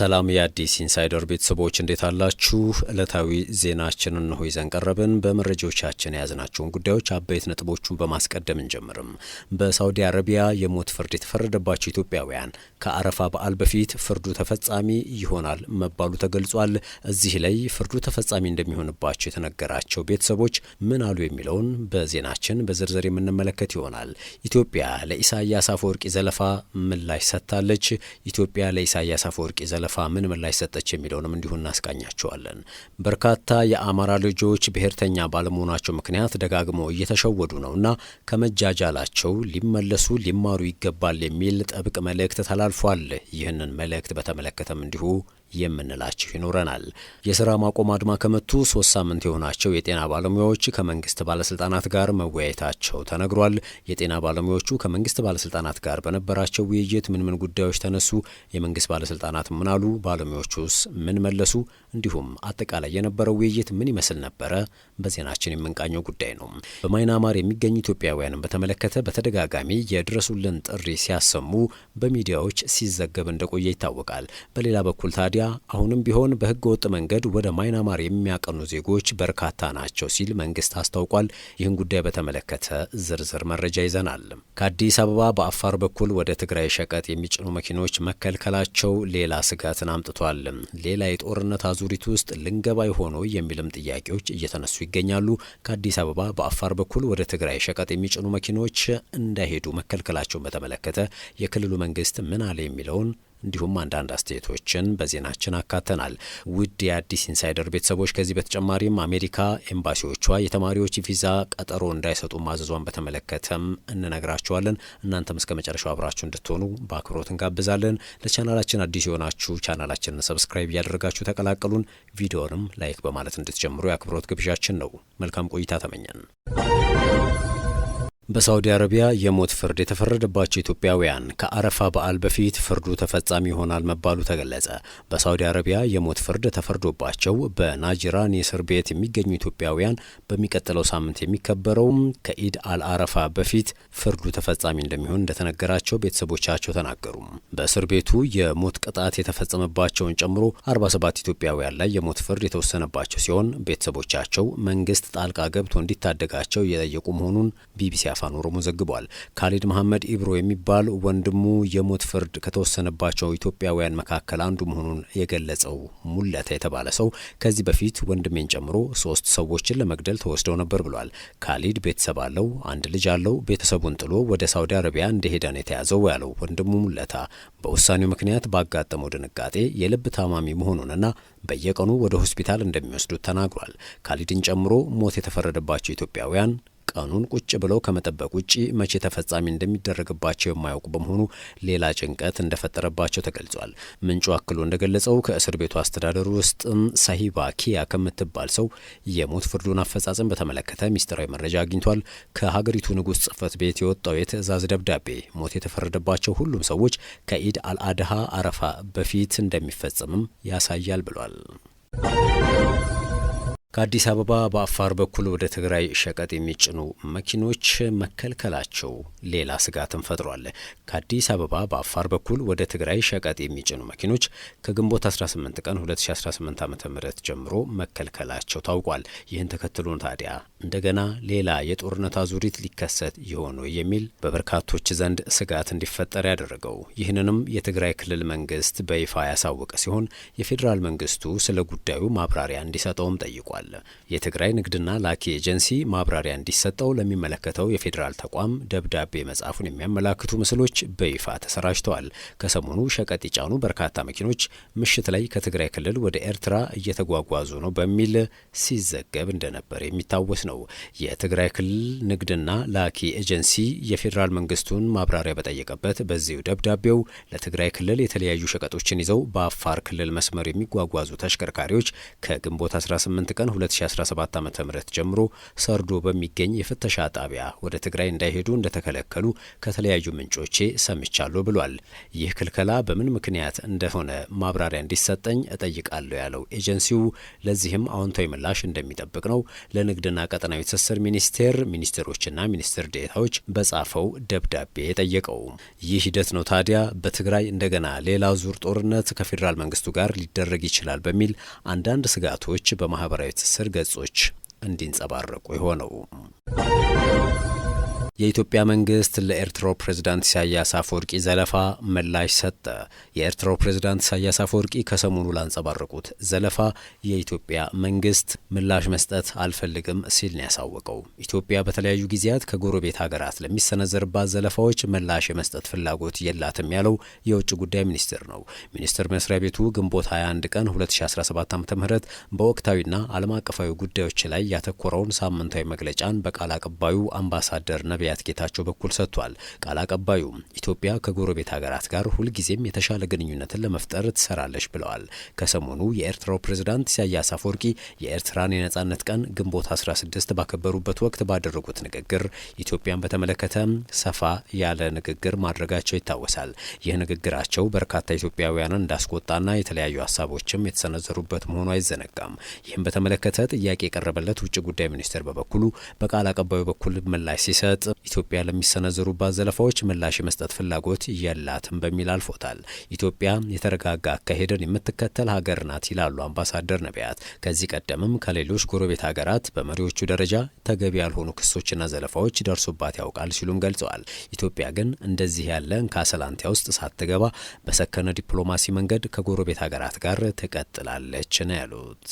ሰላም የአዲስ ኢንሳይደር ቤተሰቦች እንዴት አላችሁ? ዕለታዊ ዜናችንን እንሆ ይዘን ቀረብን። በመረጃዎቻችን የያዝናቸውን ጉዳዮች አበይት ነጥቦቹን በማስቀደም እንጀምርም። በሳውዲ አረቢያ የሞት ፍርድ የተፈረደባቸው ኢትዮጵያውያን ከአረፋ በዓል በፊት ፍርዱ ተፈጻሚ ይሆናል መባሉ ተገልጿል። እዚህ ላይ ፍርዱ ተፈጻሚ እንደሚሆንባቸው የተነገራቸው ቤተሰቦች ምን አሉ የሚለውን በዜናችን በዝርዝር የምንመለከት ይሆናል። ኢትዮጵያ ለኢሳያስ አፈወርቂ ዘለፋ ምላሽ ሰጥታለች። ኢትዮጵያ ለኢሳያስ አፈወርቂ ዘለፋ ለአሰፋ ምን ምላሽ ሰጠች የሚለውንም እንዲሁ እናስቃኛቸዋለን። በርካታ የአማራ ልጆች ብሔርተኛ ባለመሆናቸው ምክንያት ደጋግመው እየተሸወዱ ነውና ከመጃጃላቸው ሊመለሱ ሊማሩ ይገባል የሚል ጥብቅ መልእክት ተላልፏል። ይህንን መልእክት በተመለከተም እንዲሁ የምንላቸው ይኖረናል። የስራ ማቆም አድማ ከመቱ ሶስት ሳምንት የሆናቸው የጤና ባለሙያዎች ከመንግስት ባለስልጣናት ጋር መወያየታቸው ተነግሯል። የጤና ባለሙያዎቹ ከመንግስት ባለስልጣናት ጋር በነበራቸው ውይይት ምን ምን ጉዳዮች ተነሱ? የመንግስት ባለስልጣናት ምን አሉ? ባለሙያዎቹስ ምን መለሱ? እንዲሁም አጠቃላይ የነበረው ውይይት ምን ይመስል ነበረ? በዜናችን የምንቃኘው ጉዳይ ነው። በማይናማር የሚገኙ ኢትዮጵያውያንን በተመለከተ በተደጋጋሚ የድረሱልን ጥሪ ሲያሰሙ በሚዲያዎች ሲዘገብ እንደቆየ ይታወቃል። በሌላ በኩል ታዲያ ውጊያ አሁንም ቢሆን በህገ ወጥ መንገድ ወደ ማይናማር የሚያቀኑ ዜጎች በርካታ ናቸው ሲል መንግስት አስታውቋል። ይህን ጉዳይ በተመለከተ ዝርዝር መረጃ ይዘናል። ከአዲስ አበባ በአፋር በኩል ወደ ትግራይ ሸቀጥ የሚጭኑ መኪኖች መከልከላቸው ሌላ ስጋትን አምጥቷል። ሌላ የጦርነት አዙሪት ውስጥ ልንገባ ይሆኑ የሚልም ጥያቄዎች እየተነሱ ይገኛሉ። ከአዲስ አበባ በአፋር በኩል ወደ ትግራይ ሸቀጥ የሚጭኑ መኪኖች እንዳይሄዱ መከልከላቸውን በተመለከተ የክልሉ መንግስት ምን አለ የሚለውን እንዲሁም አንዳንድ አስተያየቶችን በዜናችን አካተናል። ውድ የአዲስ ኢንሳይደር ቤተሰቦች ከዚህ በተጨማሪም አሜሪካ ኤምባሲዎቿ የተማሪዎች ቪዛ ቀጠሮ እንዳይሰጡ ማዘዟን በተመለከተም እንነግራችኋለን። እናንተም እስከ መጨረሻው አብራችሁ እንድትሆኑ በአክብሮት እንጋብዛለን። ለቻናላችን አዲስ የሆናችሁ ቻናላችንን ሰብስክራይብ እያደረጋችሁ ተቀላቀሉን። ቪዲዮንም ላይክ በማለት እንድትጀምሩ የአክብሮት ግብዣችን ነው። መልካም ቆይታ ተመኘን። በሳውዲ አረቢያ የሞት ፍርድ የተፈረደባቸው ኢትዮጵያውያን ከአረፋ በዓል በፊት ፍርዱ ተፈጻሚ ይሆናል መባሉ ተገለጸ። በሳውዲ አረቢያ የሞት ፍርድ ተፈርዶባቸው በናጅራን የእስር ቤት የሚገኙ ኢትዮጵያውያን በሚቀጥለው ሳምንት የሚከበረውም ከኢድ አልአረፋ በፊት ፍርዱ ተፈጻሚ እንደሚሆን እንደተነገራቸው ቤተሰቦቻቸው ተናገሩ። በእስር ቤቱ የሞት ቅጣት የተፈጸመባቸውን ጨምሮ 47 ኢትዮጵያውያን ላይ የሞት ፍርድ የተወሰነባቸው ሲሆን ቤተሰቦቻቸው መንግስት ጣልቃ ገብቶ እንዲታደጋቸው እየጠየቁ መሆኑን ቢቢሲ አፋን ኦሮሞ ዘግቧል። ካሊድ መሐመድ ኢብሮ የሚባል ወንድሙ የሞት ፍርድ ከተወሰነባቸው ኢትዮጵያውያን መካከል አንዱ መሆኑን የገለጸው ሙለታ የተባለ ሰው ከዚህ በፊት ወንድሜን ጨምሮ ሶስት ሰዎችን ለመግደል ተወስደው ነበር ብሏል። ካሊድ ቤተሰብ አለው፣ አንድ ልጅ አለው። ቤተሰቡን ጥሎ ወደ ሳውዲ አረቢያ እንደሄደ ነው የተያዘው ያለው ወንድሙ ሙለታ በውሳኔው ምክንያት ባጋጠመው ድንጋጤ የልብ ታማሚ መሆኑንና በየቀኑ ወደ ሆስፒታል እንደሚወስዱት ተናግሯል። ካሊድን ጨምሮ ሞት የተፈረደባቸው ኢትዮጵያውያን ቀኑን ቁጭ ብለው ከመጠበቅ ውጭ መቼ ተፈጻሚ እንደሚደረግባቸው የማያውቁ በመሆኑ ሌላ ጭንቀት እንደፈጠረባቸው ተገልጿል። ምንጩ አክሎ እንደገለጸው ከእስር ቤቱ አስተዳደሩ ውስጥም ሳሂባ ኪያ ከምትባል ሰው የሞት ፍርዱን አፈጻጸም በተመለከተ ሚስጢራዊ መረጃ አግኝቷል። ከሀገሪቱ ንጉሥ ጽህፈት ቤት የወጣው የትዕዛዝ ደብዳቤ ሞት የተፈረደባቸው ሁሉም ሰዎች ከኢድ አልአድሃ አረፋ በፊት እንደሚፈጸምም ያሳያል ብሏል። ከአዲስ አበባ በአፋር በኩል ወደ ትግራይ ሸቀጥ የሚጭኑ መኪኖች መከልከላቸው ሌላ ስጋትን ፈጥሯል። ከአዲስ አበባ በአፋር በኩል ወደ ትግራይ ሸቀጥ የሚጭኑ መኪኖች ከግንቦት 18 ቀን 2018 ዓ.ም ጀምሮ መከልከላቸው ታውቋል። ይህን ተከትሎን ታዲያ እንደገና ሌላ የጦርነት አዙሪት ሊከሰት ይሆን የሚል በበርካቶች ዘንድ ስጋት እንዲፈጠር ያደረገው ይህንንም የትግራይ ክልል መንግስት በይፋ ያሳወቀ ሲሆን የፌዴራል መንግስቱ ስለ ጉዳዩ ማብራሪያ እንዲሰጠውም ጠይቋል። ገልጸዋል። የትግራይ ንግድና ላኪ ኤጀንሲ ማብራሪያ እንዲሰጠው ለሚመለከተው የፌዴራል ተቋም ደብዳቤ መጻፉን የሚያመላክቱ ምስሎች በይፋ ተሰራጭተዋል። ከሰሞኑ ሸቀጥ የጫኑ በርካታ መኪኖች ምሽት ላይ ከትግራይ ክልል ወደ ኤርትራ እየተጓጓዙ ነው በሚል ሲዘገብ እንደነበር የሚታወስ ነው። የትግራይ ክልል ንግድና ላኪ ኤጀንሲ የፌዴራል መንግስቱን ማብራሪያ በጠየቀበት በዚሁ ደብዳቤው ለትግራይ ክልል የተለያዩ ሸቀጦችን ይዘው በአፋር ክልል መስመር የሚጓጓዙ ተሽከርካሪዎች ከግንቦት 18 ቀን ቀን 2017 ዓ ም ጀምሮ ሰርዶ በሚገኝ የፍተሻ ጣቢያ ወደ ትግራይ እንዳይሄዱ እንደተከለከሉ ከተለያዩ ምንጮቼ ሰምቻለሁ ብሏል። ይህ ክልከላ በምን ምክንያት እንደሆነ ማብራሪያ እንዲሰጠኝ እጠይቃለሁ ያለው ኤጀንሲው ለዚህም አዎንታዊ ምላሽ እንደሚጠብቅ ነው ለንግድና ቀጠናዊ ትስስር ሚኒስቴር ሚኒስትሮችና ሚኒስትር ዴታዎች በጻፈው ደብዳቤ የጠየቀው። ይህ ሂደት ነው ታዲያ በትግራይ እንደገና ሌላ ዙር ጦርነት ከፌዴራል መንግስቱ ጋር ሊደረግ ይችላል በሚል አንዳንድ ስጋቶች በማህበራዊ ትስስር ገጾች እንዲንጸባረቁ የሆነው። የኢትዮጵያ መንግስት ለኤርትራው ፕሬዝዳንት ኢሳያስ አፈወርቂ ዘለፋ ምላሽ ሰጠ። የኤርትራው ፕሬዝዳንት ኢሳያስ አፈወርቂ ከሰሞኑ ላንጸባረቁት ዘለፋ የኢትዮጵያ መንግስት ምላሽ መስጠት አልፈልግም ሲል ነው ያሳወቀው። ኢትዮጵያ በተለያዩ ጊዜያት ከጎረቤት ሀገራት ለሚሰነዘርባት ዘለፋዎች ምላሽ የመስጠት ፍላጎት የላትም ያለው የውጭ ጉዳይ ሚኒስትር ነው። ሚኒስቴር መስሪያ ቤቱ ግንቦት 21 ቀን 2017 ዓ ም በወቅታዊና ዓለም አቀፋዊ ጉዳዮች ላይ ያተኮረውን ሳምንታዊ መግለጫን በቃል አቀባዩ አምባሳደር ነቢያ ነቢያት ጌታቸው በኩል ሰጥቷል። ቃል አቀባዩ ኢትዮጵያ ከጎረቤት ሀገራት ጋር ሁልጊዜም የተሻለ ግንኙነትን ለመፍጠር ትሰራለች ብለዋል። ከሰሞኑ የኤርትራው ፕሬዝዳንት ኢሳያስ አፈወርቂ የኤርትራን የነጻነት ቀን ግንቦት 16 ባከበሩበት ወቅት ባደረጉት ንግግር ኢትዮጵያን በተመለከተ ሰፋ ያለ ንግግር ማድረጋቸው ይታወሳል። ይህ ንግግራቸው በርካታ ኢትዮጵያውያንን እንዳስቆጣና የተለያዩ ሀሳቦችም የተሰነዘሩበት መሆኑ አይዘነጋም። ይህም በተመለከተ ጥያቄ የቀረበለት ውጭ ጉዳይ ሚኒስቴር በበኩሉ በቃል አቀባዩ በኩል ምላሽ ሲሰጥ ኢትዮጵያ ለሚሰነዘሩባት ዘለፋዎች ምላሽ የመስጠት ፍላጎት የላትም በሚል አልፎታል። ኢትዮጵያ የተረጋጋ አካሄድን የምትከተል ሀገር ናት ይላሉ አምባሳደር ነቢያት። ከዚህ ቀደምም ከሌሎች ጎረቤት ሀገራት በመሪዎቹ ደረጃ ተገቢ ያልሆኑ ክሶችና ዘለፋዎች ደርሶባት ያውቃል ሲሉም ገልጸዋል። ኢትዮጵያ ግን እንደዚህ ያለ እንካሰላንቲያ ውስጥ ሳትገባ በሰከነ ዲፕሎማሲ መንገድ ከጎረቤት ሀገራት ጋር ትቀጥላለች ነው ያሉት።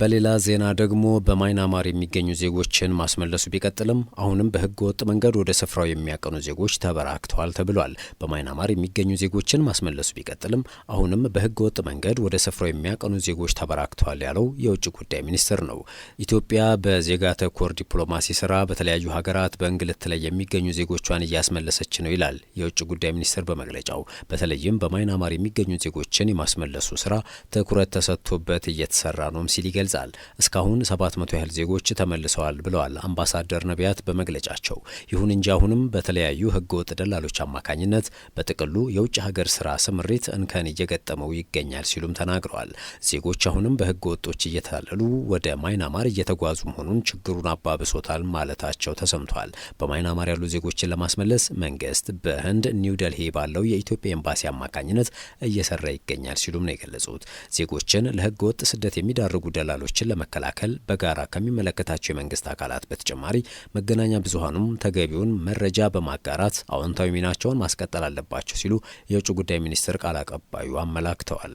በሌላ ዜና ደግሞ በማይናማር የሚገኙ ዜጎችን ማስመለሱ ቢቀጥልም አሁንም በህገ ወጥ መንገድ ወደ ስፍራው የሚያቀኑ ዜጎች ተበራክተዋል ተብሏል። በማይናማር የሚገኙ ዜጎችን ማስመለሱ ቢቀጥልም አሁንም በህገ ወጥ መንገድ ወደ ስፍራው የሚያቀኑ ዜጎች ተበራክተዋል ያለው የውጭ ጉዳይ ሚኒስትር ነው። ኢትዮጵያ በዜጋ ተኮር ዲፕሎማሲ ስራ በተለያዩ ሀገራት በእንግልት ላይ የሚገኙ ዜጎቿን እያስመለሰች ነው ይላል የውጭ ጉዳይ ሚኒስትር በመግለጫው። በተለይም በማይናማር የሚገኙ ዜጎችን የማስመለሱ ስራ ትኩረት ተሰጥቶበት እየተሰራ ነው ሲል ይገልጻል። እስካሁን 700 ያህል ዜጎች ተመልሰዋል ብለዋል አምባሳደር ነቢያት በመግለጫቸው። ይሁን እንጂ አሁንም በተለያዩ ህገወጥ ደላሎች አማካኝነት በጥቅሉ የውጭ ሀገር ስራ ስምሪት እንከን እየገጠመው ይገኛል ሲሉም ተናግረዋል። ዜጎች አሁንም በህገ ወጦች እየተታለሉ ወደ ማይናማር እየተጓዙ መሆኑን ችግሩን አባብሶታል ማለታቸው ተሰምቷል። በማይናማር ያሉ ዜጎችን ለማስመለስ መንግስት በህንድ ኒው ደልሂ ባለው የኢትዮጵያ ኤምባሲ አማካኝነት እየሰራ ይገኛል ሲሉም ነው የገለጹት። ዜጎችን ለህገ ወጥ ስደት የሚዳርጉ ደላ መገላሎችን ለመከላከል በጋራ ከሚመለከታቸው የመንግስት አካላት በተጨማሪ መገናኛ ብዙሀኑም ተገቢውን መረጃ በማጋራት አዎንታዊ ሚናቸውን ማስቀጠል አለባቸው ሲሉ የውጭ ጉዳይ ሚኒስትር ቃል አቀባዩ አመላክተዋል።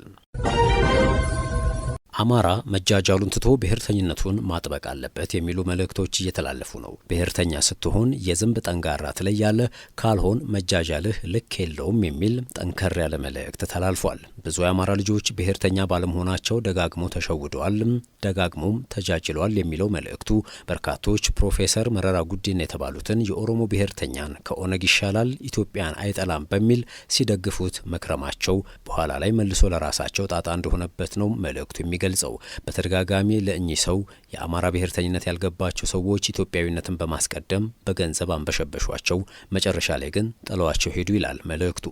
አማራ መጃጃሉን ትቶ ብሔርተኝነቱን ማጥበቅ አለበት የሚሉ መልእክቶች እየተላለፉ ነው። ብሔርተኛ ስትሆን የዝንብ ጠንጋራ ትለያለህ፣ ካልሆን መጃጃልህ ልክ የለውም የሚል ጠንከር ያለ መልእክት ተላልፏል። ብዙ የአማራ ልጆች ብሔርተኛ ባለመሆናቸው ደጋግመው ተሸውደዋል፣ ደጋግሞም ተጃጅለዋል የሚለው መልእክቱ በርካቶች ፕሮፌሰር መረራ ጉዲና የተባሉትን የኦሮሞ ብሔርተኛን ከኦነግ ይሻላል ኢትዮጵያን አይጠላም በሚል ሲደግፉት መክረማቸው በኋላ ላይ መልሶ ለራሳቸው ጣጣ እንደሆነበት ነው መልእክቱ የሚገልጸው። በተደጋጋሚ ለእኚህ ሰው የአማራ ብሔርተኝነት ያልገባቸው ሰዎች ኢትዮጵያዊነትን በማስቀደም በገንዘብ አንበሸበሿቸው፣ መጨረሻ ላይ ግን ጥለዋቸው ሄዱ ይላል መልእክቱ።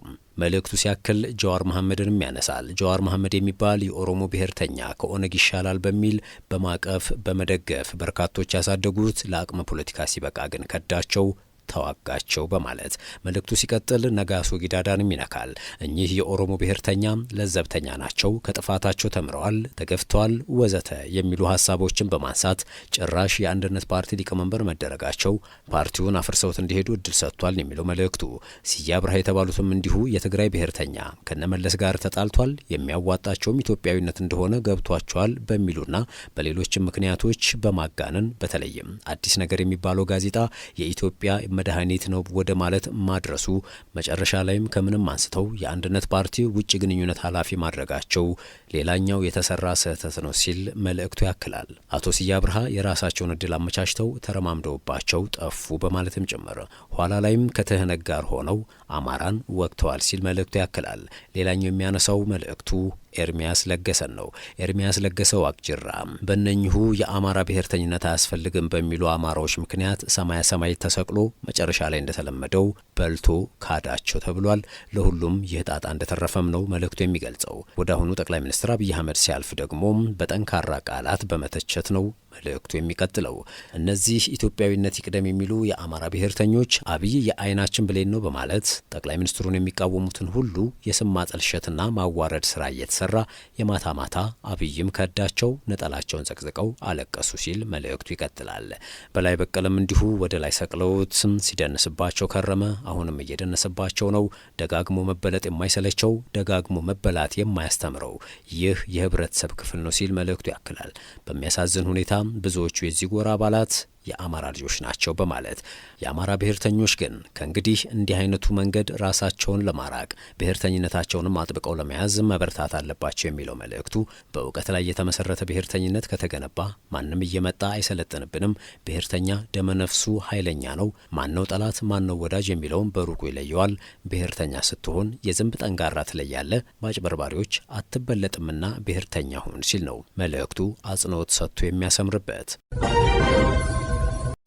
መልእክቱ ሲያክል ጀዋር መሐመድንም ያነሳል። ጀዋር መሐመድ የሚባል የኦሮሞ ብሔርተኛ ከኦነግ ይሻላል በሚል በማቀፍ በመደገፍ በርካቶች ያሳደጉት ለአቅመ ፖለቲካ ሲበቃ ግን ከዳቸው፣ ተዋጋቸው በማለት መልእክቱ ሲቀጥል ነጋሶ ጊዳዳንም ይነካል። እኚህ የኦሮሞ ብሔርተኛ ለዘብተኛ ናቸው፣ ከጥፋታቸው ተምረዋል፣ ተገፍተዋል፣ ወዘተ የሚሉ ሀሳቦችን በማንሳት ጭራሽ የአንድነት ፓርቲ ሊቀመንበር መደረጋቸው ፓርቲውን አፍርሰውት እንዲሄዱ እድል ሰጥቷል የሚለው መልእክቱ። ስዬ አብርሃ የተባሉትም እንዲሁ የትግራይ ብሔርተኛ ከነመለስ ጋር ተጣልቷል፣ የሚያዋጣቸውም ኢትዮጵያዊነት እንደሆነ ገብቷቸዋል በሚሉና በሌሎችም ምክንያቶች በማጋነን በተለይም አዲስ ነገር የሚባለው ጋዜጣ የኢትዮጵያ መድኃኒት ነው ወደ ማለት ማድረሱ መጨረሻ ላይም ከምንም አንስተው የአንድነት ፓርቲ ውጭ ግንኙነት ኃላፊ ማድረጋቸው ሌላኛው የተሰራ ስህተት ነው ሲል መልእክቱ ያክላል። አቶ ስዬ አብርሃ የራሳቸውን እድል አመቻችተው ተረማምደውባቸው ጠፉ በማለትም ጭምር ኋላ ላይም ከትህነግ ጋር ሆነው አማራን ወቅተዋል ሲል መልእክቱ ያክላል። ሌላኛው የሚያነሳው መልእክቱ ኤርሚያስ ለገሰን ነው። ኤርሚያስ ለገሰ አቅጅራ በእነኚሁ የአማራ ብሔርተኝነት አያስፈልግም በሚሉ አማራዎች ምክንያት ሰማያ ሰማይ ተሰቅሎ መጨረሻ ላይ እንደተለመደው በልቶ ካዳቸው ተብሏል። ለሁሉም ይህ ጣጣ እንደተረፈም ነው መልእክቱ የሚገልጸው። ወደ አሁኑ ጠቅላይ ሚኒስትር አብይ አህመድ ሲያልፍ ደግሞም በጠንካራ ቃላት በመተቸት ነው መልእክቱ የሚቀጥለው። እነዚህ ኢትዮጵያዊነት ይቅደም የሚሉ የአማራ ብሔርተኞች አብይ የአይናችን ብሌን ነው በማለት ጠቅላይ ሚኒስትሩን የሚቃወሙትን ሁሉ የስም ማጠልሸትና ማዋረድ ስራ እየተሰራ የማታ ማታ አብይም ከዳቸው ነጠላቸውን ዘቅዝቀው አለቀሱ ሲል መልእክቱ ይቀጥላል። በላይ በቀለም እንዲሁ ወደ ላይ ሰቅለውትም ሲደንስባቸው ከረመ። አሁንም እየደነሰባቸው ነው። ደጋግሞ መበለጥ የማይሰለቸው ደጋግሞ መበላት የማያስተምረው ይህ የህብረተሰብ ክፍል ነው ሲል መልእክቱ ያክላል። በሚያሳዝን ሁኔታ ብዙዎቹ የዚህ ጎራ አባላት የአማራ ልጆች ናቸው በማለት የአማራ ብሔርተኞች ግን ከእንግዲህ እንዲህ አይነቱ መንገድ ራሳቸውን ለማራቅ ብሔርተኝነታቸውንም አጥብቀው ለመያዝ መበርታት አለባቸው የሚለው መልእክቱ በእውቀት ላይ የተመሰረተ ብሔርተኝነት ከተገነባ ማንም እየመጣ አይሰለጥንብንም። ብሔርተኛ ደመነፍሱ ኃይለኛ ነው። ማነው ጠላት ማነው ወዳጅ የሚለውን በሩቁ ይለየዋል። ብሔርተኛ ስትሆን የዝንብ ጠንጋራ ትለያለ፣ በአጭበርባሪዎች አትበለጥምና ብሔርተኛ ሁን ሲል ነው መልእክቱ አጽንኦት ሰጥቶ የሚያሰምርበት።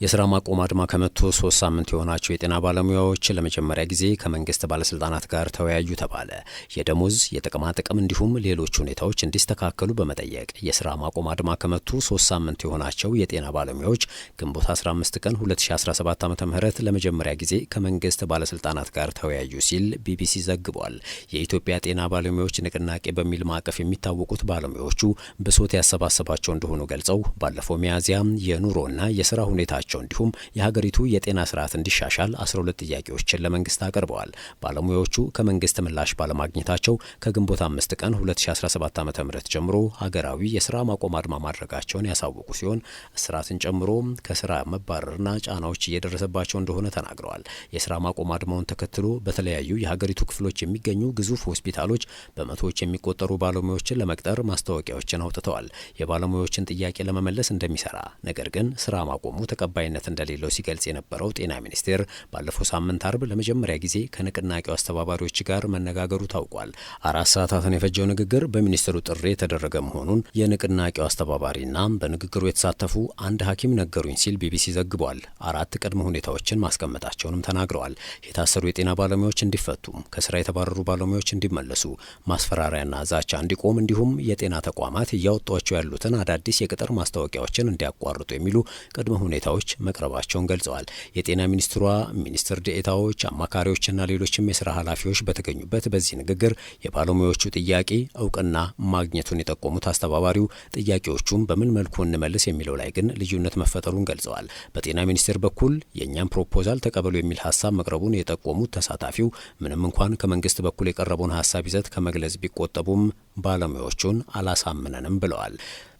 የስራ ማቆም አድማ ከመቱ ሶስት ሳምንት የሆናቸው የጤና ባለሙያዎች ለመጀመሪያ ጊዜ ከመንግስት ባለስልጣናት ጋር ተወያዩ ተባለ። የደሞዝ የጥቅማ ጥቅም እንዲሁም ሌሎች ሁኔታዎች እንዲስተካከሉ በመጠየቅ የስራ ማቆም አድማ ከመቱ ሶስት ሳምንት የሆናቸው የጤና ባለሙያዎች ግንቦት 15 ቀን 2017 ዓ ም ለመጀመሪያ ጊዜ ከመንግስት ባለስልጣናት ጋር ተወያዩ ሲል ቢቢሲ ዘግቧል። የኢትዮጵያ ጤና ባለሙያዎች ንቅናቄ በሚል ማዕቀፍ የሚታወቁት ባለሙያዎቹ ብሶት ያሰባሰባቸው እንደሆኑ ገልጸው ባለፈው የኑሮ የኑሮና የስራ ሁኔታ ናቸው። እንዲሁም የሀገሪቱ የጤና ስርዓት እንዲሻሻል 12 ጥያቄዎችን ለመንግስት አቅርበዋል። ባለሙያዎቹ ከመንግስት ምላሽ ባለማግኘታቸው ከግንቦት አምስት ቀን 2017 ዓ ም ጀምሮ ሀገራዊ የስራ ማቆም አድማ ማድረጋቸውን ያሳወቁ ሲሆን እስራትን ጨምሮ ከስራ መባረርና ጫናዎች እየደረሰባቸው እንደሆነ ተናግረዋል። የስራ ማቆም አድማውን ተከትሎ በተለያዩ የሀገሪቱ ክፍሎች የሚገኙ ግዙፍ ሆስፒታሎች በመቶዎች የሚቆጠሩ ባለሙያዎችን ለመቅጠር ማስታወቂያዎችን አውጥተዋል። የባለሙያዎችን ጥያቄ ለመመለስ እንደሚሰራ ነገር ግን ስራ ማቆሙ ተቀባ ተቀባይነት እንደሌለው ሲገልጽ የነበረው ጤና ሚኒስቴር ባለፈው ሳምንት አርብ ለመጀመሪያ ጊዜ ከንቅናቄው አስተባባሪዎች ጋር መነጋገሩ ታውቋል። አራት ሰዓታትን የፈጀው ንግግር በሚኒስትሩ ጥሪ የተደረገ መሆኑን የንቅናቄው አስተባባሪና በንግግሩ የተሳተፉ አንድ ሐኪም ነገሩኝ ሲል ቢቢሲ ዘግቧል። አራት ቅድመ ሁኔታዎችን ማስቀመጣቸውንም ተናግረዋል። የታሰሩ የጤና ባለሙያዎች እንዲፈቱም፣ ከስራ የተባረሩ ባለሙያዎች እንዲመለሱ፣ ማስፈራሪያና ዛቻ እንዲቆም እንዲሁም የጤና ተቋማት እያወጧቸው ያሉትን አዳዲስ የቅጥር ማስታወቂያዎችን እንዲያቋርጡ የሚሉ ቅድመ ሁኔታዎች ጥያቄዎች መቅረባቸውን ገልጸዋል። የጤና ሚኒስትሯ ሚኒስትር ዴኤታዎች፣ አማካሪዎችና ሌሎችም የስራ ኃላፊዎች በተገኙበት በዚህ ንግግር የባለሙያዎቹ ጥያቄ እውቅና ማግኘቱን የጠቆሙት አስተባባሪው ጥያቄዎቹን በምን መልኩ እንመልስ የሚለው ላይ ግን ልዩነት መፈጠሩን ገልጸዋል። በጤና ሚኒስቴር በኩል የእኛም ፕሮፖዛል ተቀበሉ የሚል ሀሳብ መቅረቡን የጠቆሙት ተሳታፊው ምንም እንኳን ከመንግስት በኩል የቀረበውን ሀሳብ ይዘት ከመግለጽ ቢቆጠቡም ባለሙያዎቹን አላሳምነንም ብለዋል።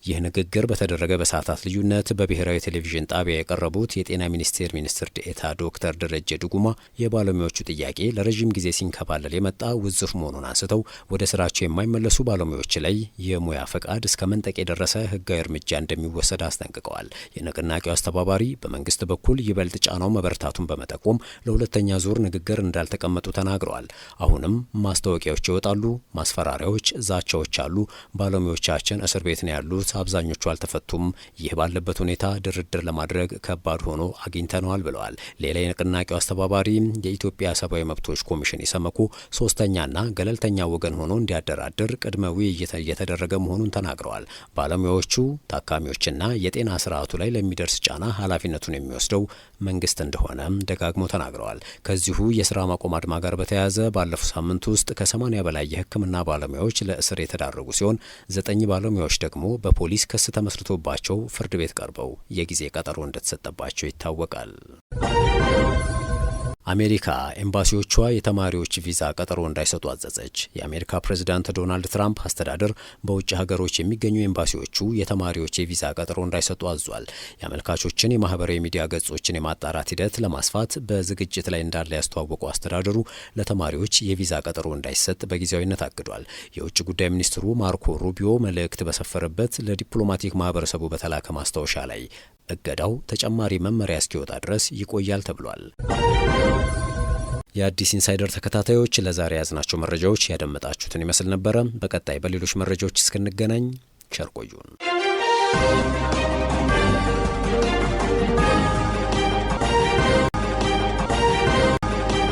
ይህ ንግግር በተደረገ በሰዓታት ልዩነት በብሔራዊ ቴሌቪዥን ጣቢያ የቀረቡት የጤና ሚኒስቴር ሚኒስትር ዴኤታ ዶክተር ደረጀ ድጉማ የባለሙያዎቹ ጥያቄ ለረዥም ጊዜ ሲንከባለል የመጣ ውዝፍ መሆኑን አንስተው ወደ ስራቸው የማይመለሱ ባለሙያዎች ላይ የሙያ ፈቃድ እስከ መንጠቅ የደረሰ ህጋዊ እርምጃ እንደሚወሰድ አስጠንቅቀዋል። የንቅናቄው አስተባባሪ በመንግስት በኩል ይበልጥ ጫናው መበረታቱን በመጠቆም ለሁለተኛ ዙር ንግግር እንዳልተቀመጡ ተናግረዋል። አሁንም ማስታወቂያዎች ይወጣሉ፣ ማስፈራሪያዎች፣ ዛቻዎች አሉ። ባለሙያዎቻችን እስር ቤት ነው ያሉት ያሉት አብዛኞቹ አልተፈቱም። ይህ ባለበት ሁኔታ ድርድር ለማድረግ ከባድ ሆኖ አግኝተነዋል ብለዋል። ሌላ የንቅናቄው አስተባባሪ የኢትዮጵያ ሰብአዊ መብቶች ኮሚሽን የሰመኩ ሶስተኛና ገለልተኛ ወገን ሆኖ እንዲያደራድር ቅድመ ውይይት እየተደረገ መሆኑን ተናግረዋል። ባለሙያዎቹ ታካሚዎችና የጤና ስርዓቱ ላይ ለሚደርስ ጫና ኃላፊነቱን የሚወስደው መንግስት እንደሆነም ደጋግሞ ተናግረዋል። ከዚሁ የስራ ማቆም አድማ ጋር በተያያዘ ባለፉት ሳምንት ውስጥ ከ በላይ የህክምና ባለሙያዎች ለእስር የተዳረጉ ሲሆን ዘጠኝ ባለሙያዎች ደግሞ በፖሊስ ክስ ተመስርቶባቸው ፍርድ ቤት ቀርበው የጊዜ ቀጠሮ እንደተሰጠባቸው ይታወቃል። አሜሪካ ኤምባሲዎቿ የተማሪዎች ቪዛ ቀጠሮ እንዳይሰጡ አዘዘች። የአሜሪካ ፕሬዝዳንት ዶናልድ ትራምፕ አስተዳደር በውጭ ሀገሮች የሚገኙ ኤምባሲዎቹ የተማሪዎች የቪዛ ቀጠሮ እንዳይሰጡ አዟል። የአመልካቾችን የማህበራዊ ሚዲያ ገጾችን የማጣራት ሂደት ለማስፋት በዝግጅት ላይ እንዳለ ያስተዋወቁ አስተዳደሩ ለተማሪዎች የቪዛ ቀጠሮ እንዳይሰጥ በጊዜያዊነት አግዷል። የውጭ ጉዳይ ሚኒስትሩ ማርኮ ሩቢዮ መልእክት በሰፈረበት ለዲፕሎማቲክ ማህበረሰቡ በተላከ ማስታወሻ ላይ እገዳው ተጨማሪ መመሪያ እስኪወጣ ድረስ ይቆያል ተብሏል። የአዲስ ኢንሳይደር ተከታታዮች ለዛሬ ያዝናቸው መረጃዎች ያደመጣችሁትን ይመስል ነበረ። በቀጣይ በሌሎች መረጃዎች እስክንገናኝ ቸር ቆዩን።